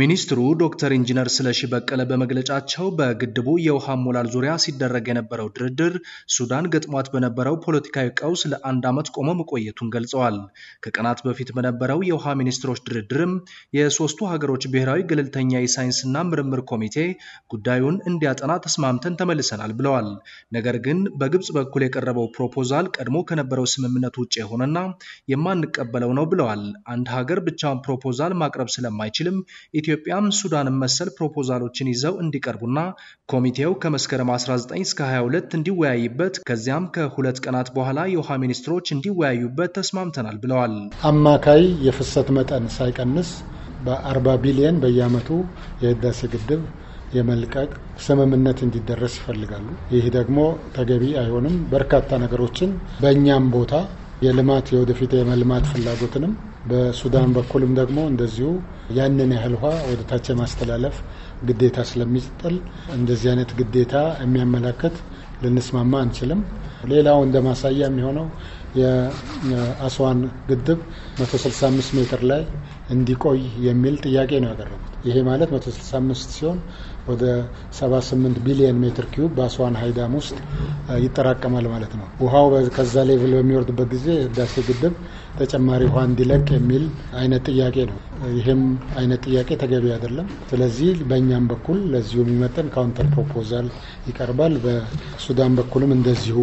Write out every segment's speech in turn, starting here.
ሚኒስትሩ ዶክተር ኢንጂነር ስለሺ በቀለ በመግለጫቸው በግድቡ የውሃ አሞላል ዙሪያ ሲደረግ የነበረው ድርድር ሱዳን ገጥሟት በነበረው ፖለቲካዊ ቀውስ ለአንድ ዓመት ቆሞ መቆየቱን ገልጸዋል። ከቀናት በፊት በነበረው የውሃ ሚኒስትሮች ድርድርም የሶስቱ ሀገሮች ብሔራዊ ገለልተኛ የሳይንስና ምርምር ኮሚቴ ጉዳዩን እንዲያጠና ተስማምተን ተመልሰናል ብለዋል። ነገር ግን በግብፅ በኩል የቀረበው ፕሮፖዛል ቀድሞ ከነበረው ስምምነት ውጭ የሆነና የማንቀበለው ነው ብለዋል። አንድ ሀገር ብቻውን ፕሮፖዛል ማቅረብ ስለማይችልም ኢትዮጵያም ሱዳን መሰል ፕሮፖዛሎችን ይዘው እንዲቀርቡና ኮሚቴው ከመስከረም 19 እስከ 22 እንዲወያይበት ከዚያም ከሁለት ቀናት በኋላ የውሃ ሚኒስትሮች እንዲወያዩበት ተስማምተናል ብለዋል። አማካይ የፍሰት መጠን ሳይቀንስ በ40 ቢሊየን በየዓመቱ የህዳሴ ግድብ የመልቀቅ ስምምነት እንዲደረስ ይፈልጋሉ። ይህ ደግሞ ተገቢ አይሆንም። በርካታ ነገሮችን በእኛም ቦታ የልማት የወደፊት የመልማት ፍላጎትንም በሱዳን በኩልም ደግሞ እንደዚሁ ያንን ያህል ውሃ ወደ ታች የማስተላለፍ ግዴታ ስለሚጥል እንደዚህ አይነት ግዴታ የሚያመላክት ልንስማማ አንችልም። ሌላው እንደ ማሳያ የሚሆነው የአስዋን ግድብ 165 ሜትር ላይ እንዲቆይ የሚል ጥያቄ ነው ያቀረቡት። ይሄ ማለት 165 ሲሆን ወደ 78 ቢሊየን ሜትር ኪዩብ በአስዋን ሀይዳም ውስጥ ይጠራቀማል ማለት ነው። ውሃው ከዛ ሌቭል በሚወርድበት ጊዜ ህዳሴ ግድብ ተጨማሪ ውሃ እንዲለቅ የሚል አይነት ጥያቄ ነው። ይህም አይነት ጥያቄ ተገቢ አይደለም። ስለዚህ በእኛም በኩል ለዚሁ የሚመጠን ካውንተር ፕሮፖዛል ይቀርባል። በእሱ ሱዳን በኩልም እንደዚሁ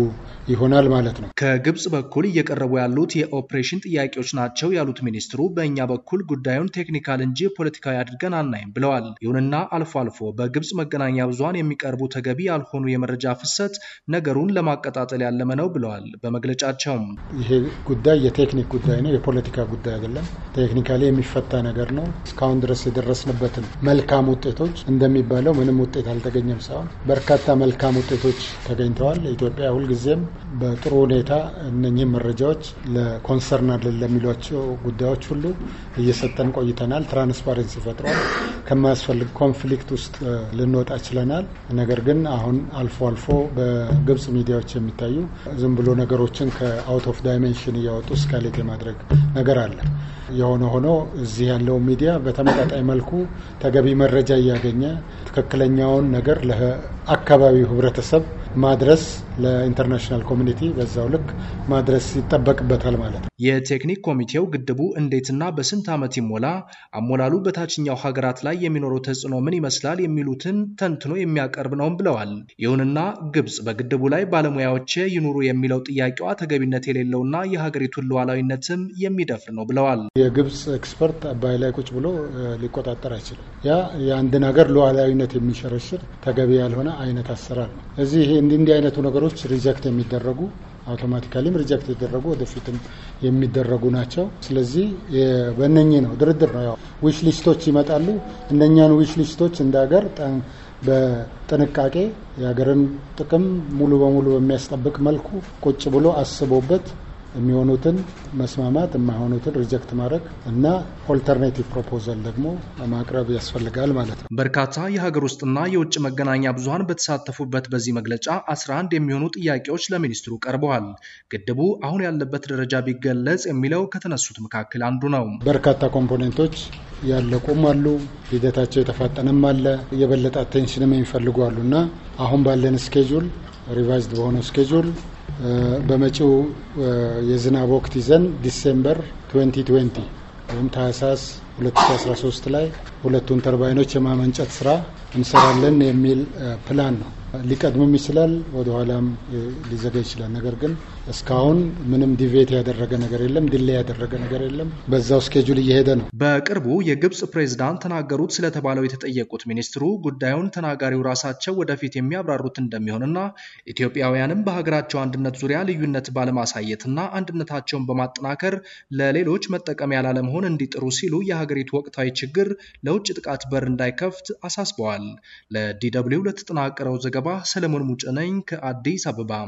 ይሆናል ማለት ነው። ከግብጽ በኩል እየቀረቡ ያሉት የኦፕሬሽን ጥያቄዎች ናቸው ያሉት ሚኒስትሩ በእኛ በኩል ጉዳዩን ቴክኒካል እንጂ ፖለቲካዊ አድርገን አናይም ብለዋል። ይሁንና አልፎ አልፎ በግብጽ መገናኛ ብዙሃን የሚቀርቡ ተገቢ ያልሆኑ የመረጃ ፍሰት ነገሩን ለማቀጣጠል ያለመ ነው ብለዋል። በመግለጫቸውም ይሄ ጉዳይ የቴክኒክ ጉዳይ ነው፣ የፖለቲካ ጉዳይ አይደለም። ቴክኒካሊ የሚፈታ ነገር ነው። እስካሁን ድረስ የደረስንበትን መልካም ውጤቶች እንደሚባለው ምንም ውጤት አልተገኘም ሳይሆን በርካታ መልካም ውጤቶች ተገኝተዋል። ኢትዮጵያ ሁልጊዜም በጥሩ ሁኔታ እነኚህ መረጃዎች ለኮንሰርን አለን ለሚሏቸው ጉዳዮች ሁሉ እየሰጠን ቆይተናል። ትራንስፓረንሲ ፈጥሯል። ከማያስፈልግ ኮንፍሊክት ውስጥ ልንወጣ ችለናል። ነገር ግን አሁን አልፎ አልፎ በግብጽ ሚዲያዎች የሚታዩ ዝም ብሎ ነገሮችን ከአውት ኦፍ ዳይሜንሽን እያወጡ እስካሌት የማድረግ ነገር አለ። የሆነ ሆኖ እዚህ ያለው ሚዲያ በተመጣጣኝ መልኩ ተገቢ መረጃ እያገኘ ትክክለኛውን ነገር ለአካባቢው ህብረተሰብ ማድረስ ለኢንተርናሽናል ኮሚኒቲ በዛው ልክ ማድረስ ይጠበቅበታል ማለት ነው። የቴክኒክ ኮሚቴው ግድቡ እንዴትና በስንት ዓመት ይሞላ፣ አሞላሉ በታችኛው ሀገራት ላይ የሚኖረው ተጽዕኖ ምን ይመስላል የሚሉትን ተንትኖ የሚያቀርብ ነውም ብለዋል። ይሁንና ግብጽ በግድቡ ላይ ባለሙያዎች ይኑሩ የሚለው ጥያቄዋ ተገቢነት የሌለውና የሀገሪቱን ሉዓላዊነትም የሚደፍር ነው ብለዋል። የግብጽ ኤክስፐርት አባይ ላይ ቁጭ ብሎ ሊቆጣጠር አይችልም። ያ የአንድን ሀገር ሉዓላዊነት የሚሸረሽር ተገቢ ያልሆነ አይነት አሰራር ነው። እዚህ እንዲህ አይነቱ ነገሮች ነገሮች ሪጀክት የሚደረጉ አውቶማቲካሊም ሪጀክት የተደረጉ ወደፊትም የሚደረጉ ናቸው። ስለዚህ በእነኚህ ነው ድርድር ነው። ያው ዊሽ ሊስቶች ይመጣሉ። እነኛን ዊሽ ሊስቶች እንደ ሀገር በጥንቃቄ የሀገርን ጥቅም ሙሉ በሙሉ በሚያስጠብቅ መልኩ ቁጭ ብሎ አስቦበት የሚሆኑትን መስማማት፣ የማይሆኑትን ሪጀክት ማድረግ እና ኦልተርኔቲቭ ፕሮፖዛል ደግሞ ማቅረብ ያስፈልጋል ማለት ነው። በርካታ የሀገር ውስጥና የውጭ መገናኛ ብዙሀን በተሳተፉበት በዚህ መግለጫ 11 የሚሆኑ ጥያቄዎች ለሚኒስትሩ ቀርበዋል። ግድቡ አሁን ያለበት ደረጃ ቢገለጽ የሚለው ከተነሱት መካከል አንዱ ነው። በርካታ ኮምፖኔንቶች ያለቁም አሉ፣ ሂደታቸው የተፋጠነም አለ፣ የበለጠ አቴንሽንም የሚፈልጉ አሉ እና አሁን ባለን ስኬጁል ሪቫይዝድ በሆነው ስኬጁል በመጪው የዝናብ ወቅት ይዘን ዲሴምበር 2020 ወይም ታህሳስ 2013 ላይ ሁለቱን ተርባይኖች የማመንጨት ስራ እንሰራለን የሚል ፕላን ነው። ሊቀድምም ይችላል፣ ወደኋላም ሊዘገይ ይችላል። ነገር ግን እስካሁን ምንም ዲቬት ያደረገ ነገር የለም፣ ድሌ ያደረገ ነገር የለም። በዛው ስኬጁል እየሄደ ነው። በቅርቡ የግብፅ ፕሬዝዳንት ተናገሩት ስለተባለው የተጠየቁት ሚኒስትሩ ጉዳዩን ተናጋሪው ራሳቸው ወደፊት የሚያብራሩት እንደሚሆንና ኢትዮጵያውያንም በሀገራቸው አንድነት ዙሪያ ልዩነት ባለማሳየትና አንድነታቸውን በማጠናከር ለሌሎች መጠቀሚያ ላለመሆን እንዲጥሩ ሲሉ የሀገሪቱ ወቅታዊ ችግር ለውጭ ጥቃት በር እንዳይከፍት አሳስበዋል። ለዲ ለተጠናቀረው ዘገባ ሰለሞን ሙጭነኝ ነኝ ከአዲስ አበባ።